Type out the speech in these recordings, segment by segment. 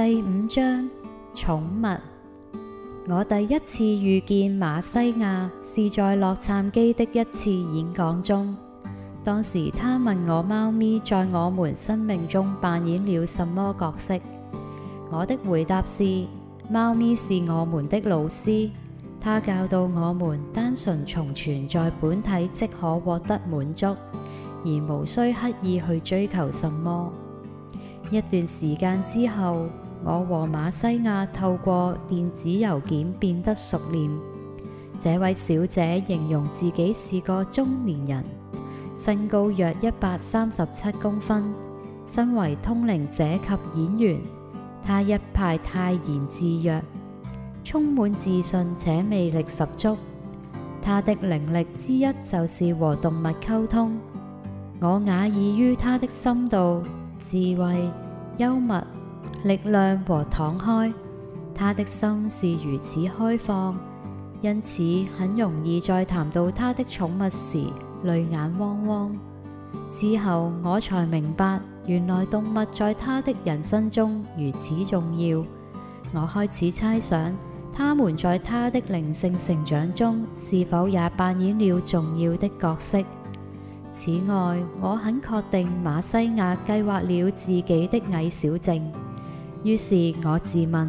第五章寵物。我第一次遇見瑪西雅是在洛杉磯的一次演講中。當時他問我貓咪在我們生命中扮演了什麼角色。我的回答是：貓咪是我們的老師，他教導我們單純從存在本體即可獲得滿足，而無需刻意去追求什麼。一段時間之後。我和瑪西雅透過電子郵件變得熟練。這位小姐形容自己是個中年人，身高約一百三十七公分。身為通靈者及演員，她一派泰然自若，充滿自信且魅力十足。她的靈力之一就是和動物溝通。我訝異於她的深度、智慧、幽默。力量和敞開，他的心是如此開放，因此很容易在談到他的寵物時淚眼汪汪。之後我才明白，原來動物在他的人生中如此重要。我開始猜想，他們在他的靈性成長中是否也扮演了重要的角色？此外，我很確定馬西亞計劃了自己的矮小症。於是我自問，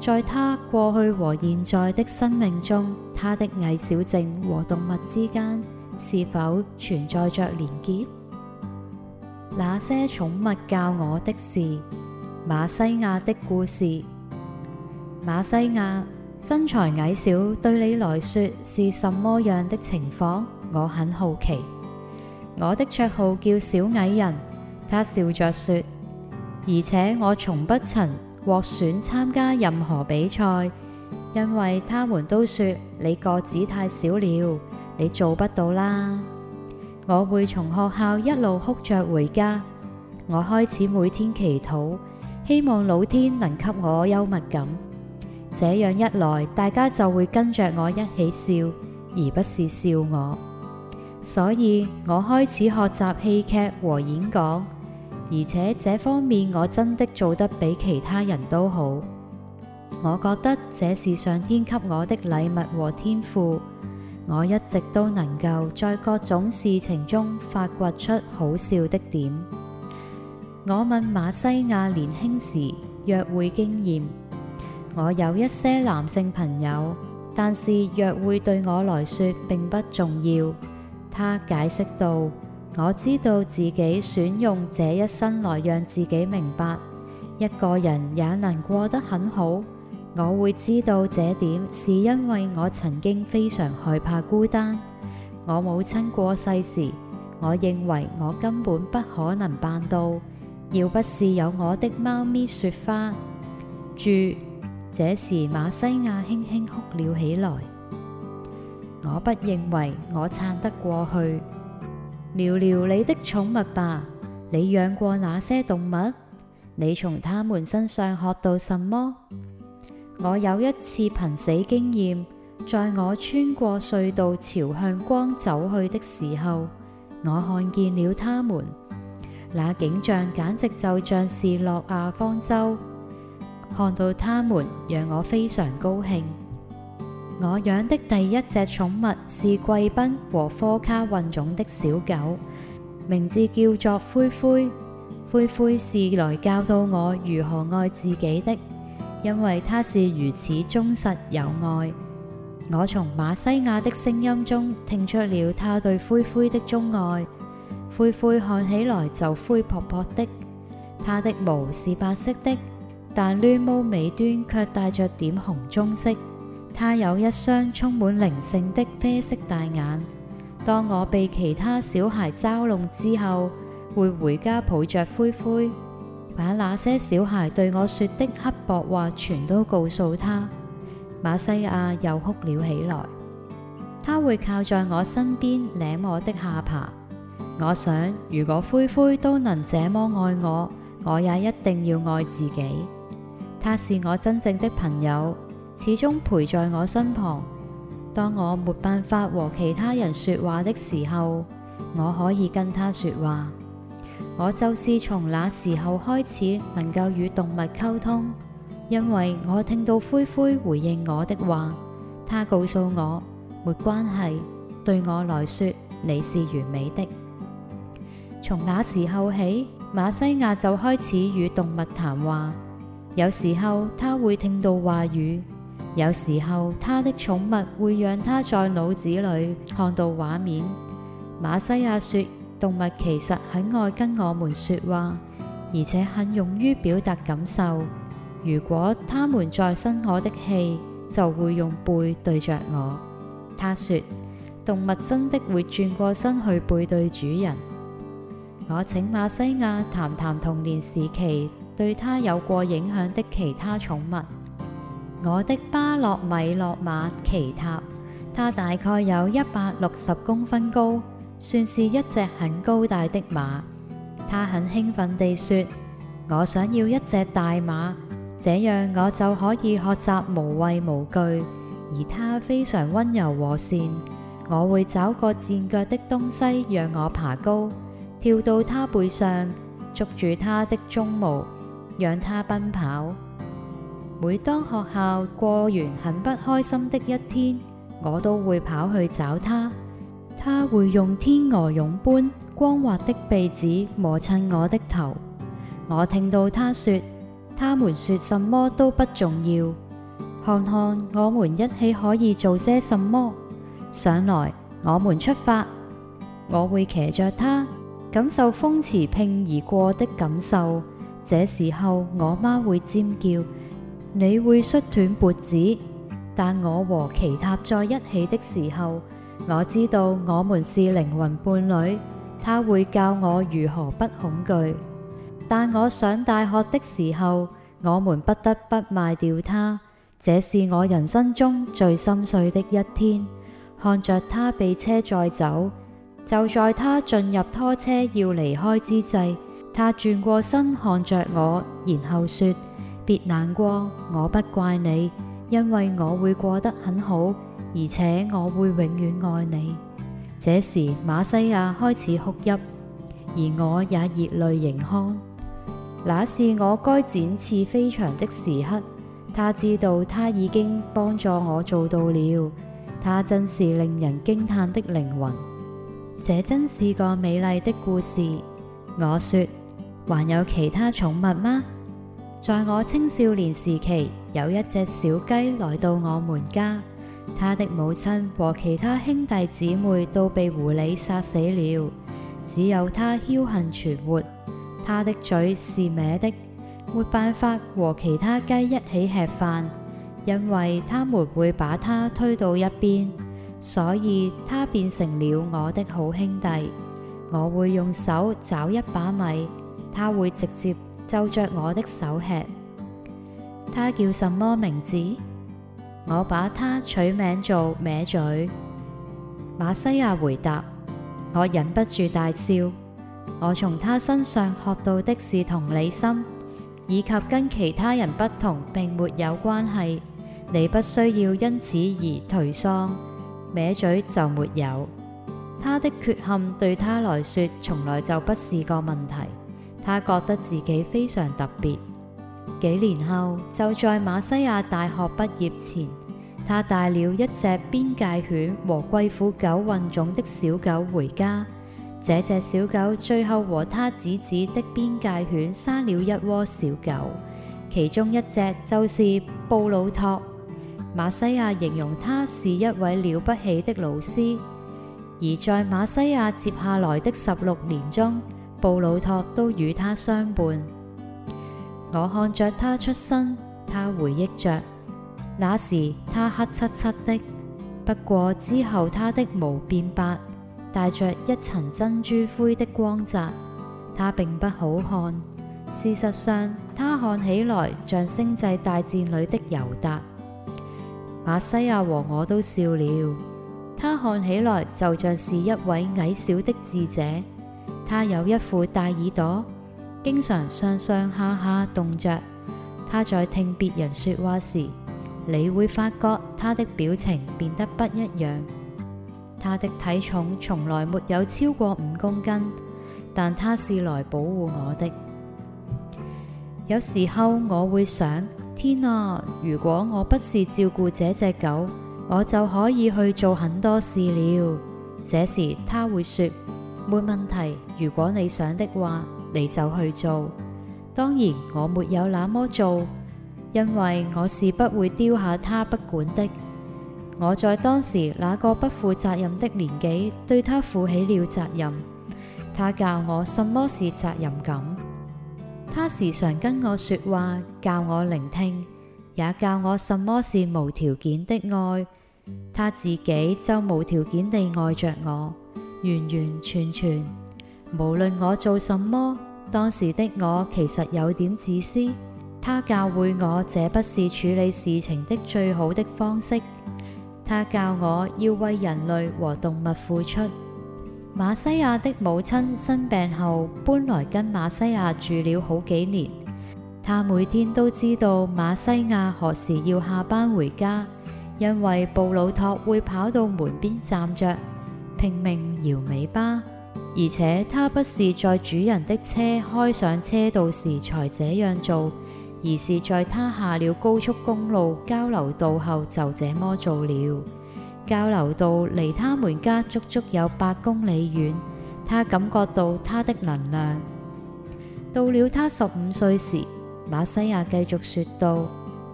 在他過去和現在的生命中，他的矮小症和動物之間是否存在着連結？那些寵物教我的事，馬西亞的故事。馬西亞身材矮小，對你來說是什麼樣的情況？我很好奇。我的綽號叫小矮人，他笑着說。而且我從不曾獲選參加任何比賽，因為他們都說你個子太小了，你做不到啦。我會從學校一路哭着回家。我開始每天祈禱，希望老天能給我幽默感。這樣一來，大家就會跟着我一起笑，而不是笑我。所以我開始學習戲劇和演講。而且這方面我真的做得比其他人都好，我覺得這是上天給我的禮物和天賦。我一直都能夠在各種事情中發掘出好笑的點。我問瑪西雅年輕時約會經驗，我有一些男性朋友，但是約會對我來說並不重要。他解釋道。我知道自己選用這一生來讓自己明白，一個人也能過得很好。我會知道這點，是因為我曾經非常害怕孤單。我母親過世時，我認為我根本不可能辦到。要不是有我的貓咪雪花，住這時瑪西雅輕輕哭了起來。我不認為我撐得過去。聊聊你的寵物吧，你養過哪些動物？你從它們身上學到什麼？我有一次瀕死經驗，在我穿過隧道朝向光走去的時候，我看見了它們，那景象簡直就像是諾亞方舟。看到它們讓我非常高興。我養的第一隻寵物是貴賓和科卡混種的小狗，名字叫做灰灰。灰灰是來教導我如何愛自己的，因為它是如此忠實有愛。我從馬西亞的聲音中聽出了他對灰灰的鍾愛。灰灰看起來就灰撲撲的，它的毛是白色的，但亂毛尾端卻帶着點紅棕色。他有一雙充滿靈性的啡色大眼。當我被其他小孩嘲弄之後，會回家抱着灰灰，把那些小孩對我說的刻薄話全都告訴他。馬西亞又哭了起來。他會靠在我身邊，舐我的下巴。我想，如果灰灰都能這麼愛我，我也一定要愛自己。他是我真正的朋友。始終陪在我身旁。當我沒辦法和其他人說話的時候，我可以跟他說話。我就是從那時候開始能夠與動物溝通，因為我聽到灰灰回應我的話。他告訴我沒關係，對我來說你是完美的。從那時候起，馬西亞就開始與動物談話。有時候他會聽到話語。有時候，他的寵物會讓他在腦子裏看到畫面。馬西亞說：動物其實很愛跟我們說話，而且很勇於表達感受。如果他們在生我的氣，就會用背對着我。他說：動物真的會轉過身去背對主人。我請馬西亞談談童年時期對他有過影響的其他寵物。我的巴洛米洛馬奇塔，它大概有一百六十公分高，算是一隻很高大的馬。他很興奮地說：我想要一隻大馬，這樣我就可以學習無畏無懼。而他非常溫柔和善，我會找個墊腳的東西讓我爬高，跳到他背上，捉住他的鬃毛，讓他奔跑。每當學校過完很不開心的一天，我都會跑去找他。他會用天鵝絨般光滑的鼻子磨蹭我的頭。我聽到他說：他們說什麼都不重要，看看我們一起可以做些什麼。上來，我們出發。我會騎着它，感受風馳騁而過的感受。這時候，我媽會尖叫。你會摔斷脖子，但我和奇塔在一起的時候，我知道我們是靈魂伴侶。他會教我如何不恐懼。但我上大學的時候，我們不得不賣掉他。這是我人生中最心碎的一天，看着他被車載走。就在他進入拖車要離開之際，他轉過身看着我，然後說：別難過，我不怪你，因為我會過得很好，而且我會永遠愛你。這時，馬西亞開始哭泣，而我也熱淚盈眶。那是我該展翅飛翔的時刻。他知道他已經幫助我做到了。他真是令人驚歎嘅靈魂。這真是個美麗嘅故事。我說，還有其他寵物嗎？在我青少年時期，有一隻小雞來到我們家，它的母親和其他兄弟姊妹都被狐狸殺死了，只有它僥幸存活。它的嘴是歪的，沒辦法和其他雞一起吃飯，因為他們會把它推到一邊，所以它變成了我的好兄弟。我會用手找一把米，它會直接。就着我的手吃。他叫什麼名字？我把他取名做歪嘴。馬西亞回答，我忍不住大笑。我從他身上學到的是同理心，以及跟其他人不同，並沒有關係。你不需要因此而頹喪。歪嘴就沒有。他的缺陷對他來說從來就不是個問題。他覺得自己非常特別。幾年後，就在瑪西雅大學畢業前，他帶了一隻邊界犬和貴婦狗混種的小狗回家。這隻小狗最後和他姊姊的邊界犬生了一窩小狗，其中一隻就是布魯托。瑪西雅形容他是一位了不起的老師，而在瑪西雅接下來的十六年中，布魯托都與他相伴。我看着他出生，他回憶着那時他黑漆漆的，不過之後他的毛變白，帶着一層珍珠灰的光澤。他並不好看，事實上他看起來像星際大戰裡的尤達。馬西亞和我都笑了。他看起來就像是一位矮小的智者。他有一副大耳朵，經常上上下下動着。他在聽別人說話時，你會發覺他的表情變得不一樣。他的體重從來沒有超過五公斤，但他是來保護我的。有時候我會想，天啊！如果我不是照顧這隻狗，我就可以去做很多事了。這時他會說。沒問題，如果你想的話，你就去做。當然，我沒有那麼做，因為我是不會丟下他不管的。我在當時那個不負責任的年紀，對他負起了責任。他教我什麼是責任感，他時常跟我說話，教我聆聽，也教我什麼是無條件的愛。他自己就無條件地愛着我。完完全全，無論我做什麼，當時的我其實有點自私。他教會我這不是處理事情的最好的方式。他教我要為人類和動物付出。馬西亞的母親生病後搬來跟馬西亞住了好幾年，他每天都知道馬西亞何時要下班回家，因為布魯托會跑到門邊站着。拼命搖尾巴，而且他不是在主人的車開上車道時才這樣做，而是在他下了高速公路交流道後就這麼做了。交流道離他們家足足有八公里遠，他感覺到他的能量。到了他十五歲時，馬西亞繼續說道：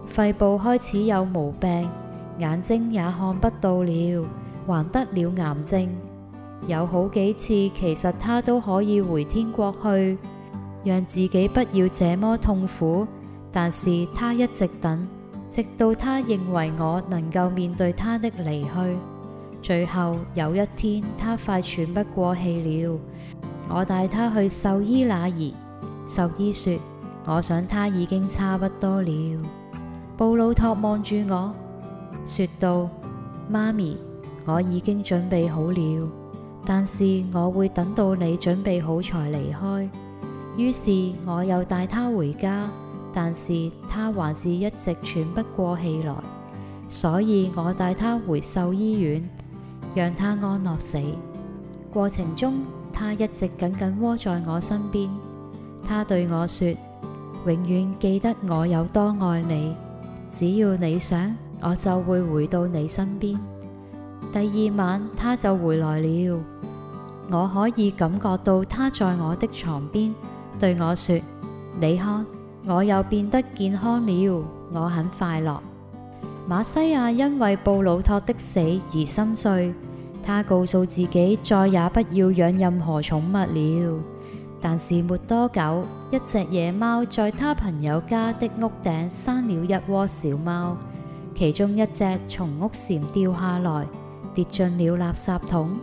肺部開始有毛病，眼睛也看不到了。還得了癌症，有好幾次其實他都可以回天國去，讓自己不要這麼痛苦。但是他一直等，直到他認為我能夠面對他的離去。最後有一天，他快喘不過氣了，我帶他去獸醫那兒。獸醫說：我想他已經差不多了。布魯托望住我，說道：媽咪。我已經準備好了，但是我會等到你準備好才離開。於是我又帶他回家，但是他還是一直喘不過氣來，所以我帶他回獸醫院，讓他安樂死。過程中，他一直緊緊窩在我身邊，他對我說：永遠記得我有多愛你，只要你想，我就會回到你身邊。第二晚，他就回來了。我可以感覺到他在我的床邊對我說：你看，我又變得健康了，我很快樂。馬西亞因為布魯托的死而心碎，他告訴自己再也不要養任何寵物了。但是沒多久，一隻野貓在他朋友家的屋頂生了一窩小貓，其中一隻從屋檐掉下來。跌進了垃圾桶。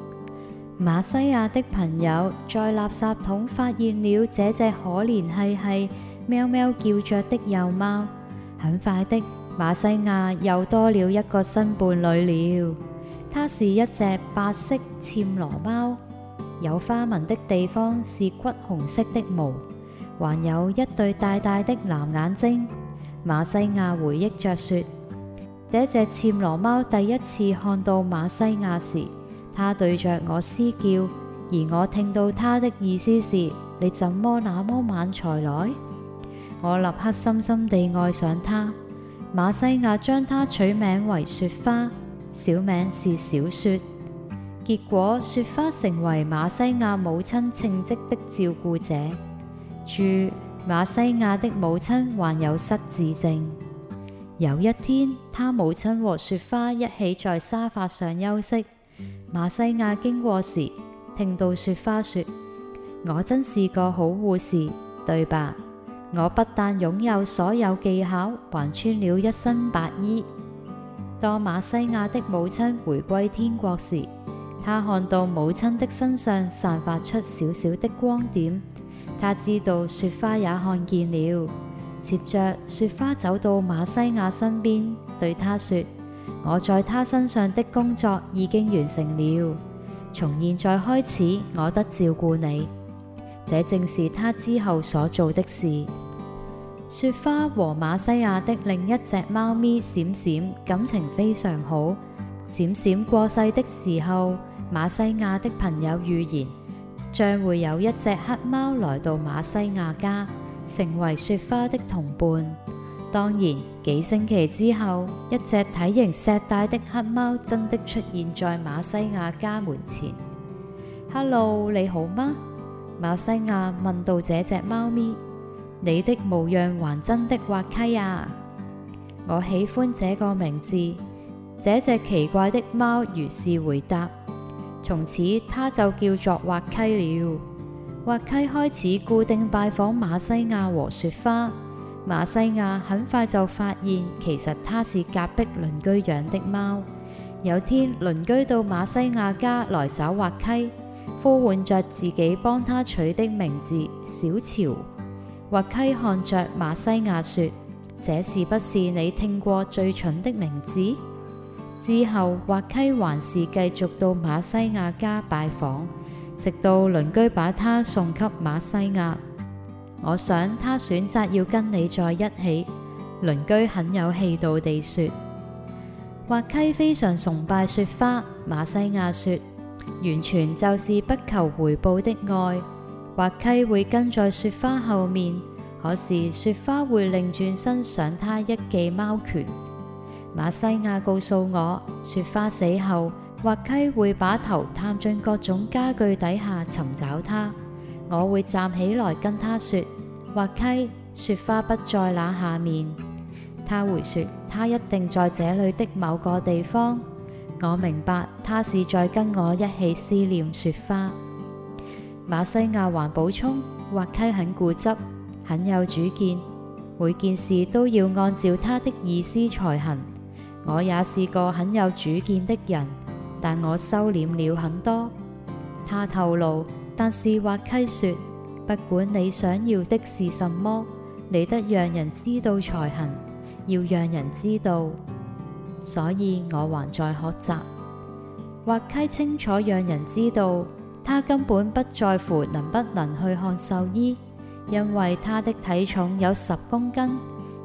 瑪西雅的朋友在垃圾桶發現了這隻可憐兮兮喵喵叫着的幼貓。很快的，瑪西雅又多了一個新伴侶了。它是一隻白色暹羅貓，有花紋的地方是骨紅色的毛，還有一對大大的藍眼睛。瑪西雅回憶着說。這隻暹羅貓第一次看到馬西亞時，它對着我嘶叫，而我聽到它的意思是：你怎麼那麼晚才來？我立刻深深地愛上它。馬西亞將它取名為雪花，小名是小雪。結果，雪花成為馬西亞母親稱職的照顧者。注：馬西亞的母親患有失智症。有一天，他母親和雪花一起在沙發上休息。瑪西雅經過時，聽到雪花說：我真是個好護士，對吧？我不但擁有所有技巧，還穿了一身白衣。當瑪西雅的母親回歸天國時，他看到母親的身上散發出小小的光點，他知道雪花也看見了。接着，雪花走到馬西亞身邊，對他說：我在他身上的工作已經完成了，從現在開始，我得照顧你。這正是他之後所做的事。雪花和馬西亞的另一隻貓咪閃閃，感情非常好。閃閃過世的時候，馬西亞的朋友預言將會有一隻黑貓來到馬西亞家。成為雪花的同伴。當然，幾星期之後，一隻體型碩大的黑貓真的出現在馬西亞家門前。Hello，你好嗎？馬西亞問到這隻貓咪。你的模樣還真的滑稽啊！我喜歡這個名字。這隻奇怪的貓如是回答。從此，它就叫做滑稽了。滑溪開始固定拜訪馬西亞和雪花。馬西亞很快就發現，其實它是隔壁鄰居養的貓。有天鄰居到馬西亞家來找滑溪，呼喚着自己幫他取的名字小潮。滑溪看着馬西亞說：這是不是你聽過最蠢的名字？之後滑溪還是繼續到馬西亞家拜訪。直到鄰居把他送給馬西亞，我想他選擇要跟你在一起。鄰居很有氣度地說：滑稽非常崇拜雪花。馬西亞說：完全就是不求回報的愛。滑稽會跟在雪花後面，可是雪花會另轉身賞他一記貓拳。馬西亞告訴我，雪花死後，滑溪會把頭探進各種家具底下尋找他。我會站起來跟他說：滑溪，雪花不在那下面。他會說：他一定在這裏的某個地方。我明白他是在跟我一起思念雪花。馬西亞還補充：滑溪很固執，很有主見，每件事都要按照他的意思才行。我也是個很有主見的人。但我收斂了很多。他透露，但是滑溪說，不管你想要的是什麼，你得讓人知道才行，要讓人知道。所以我還在學習。滑溪清楚讓人知道，他根本不在乎能不能去看獸醫，因為他的體重有十公斤，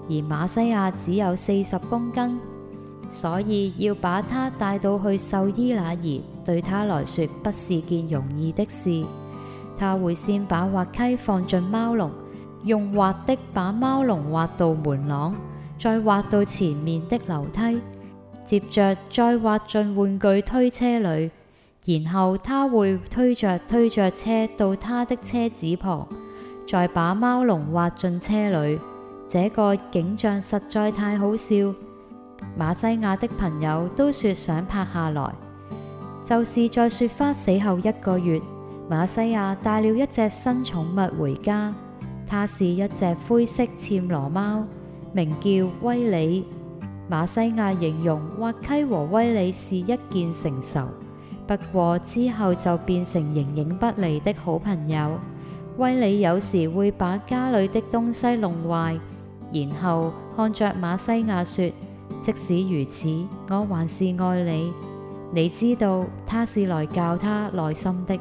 而瑪西雅只有四十公斤。所以要把他帶到去獸醫那兒，對他來說不是件容易的事。他會先把滑稽放進貓籠，用滑的把貓籠滑到門廊，再滑到前面的樓梯，接着再滑進玩具推車裏，然後他會推着推着車到他的車子旁，再把貓籠滑進車裏。這個景象實在太好笑。馬西亞的朋友都說想拍下來，就是在雪花死後一個月，馬西亞帶了一隻新寵物回家。它是一隻灰色暹羅貓，名叫威里。馬西亞形容滑稽和威里是一見成仇，不過之後就變成形影不離的好朋友。威里有時會把家裏的東西弄壞，然後看着馬西亞說。即使如此，我還是愛你。你知道，他是來教他耐心的。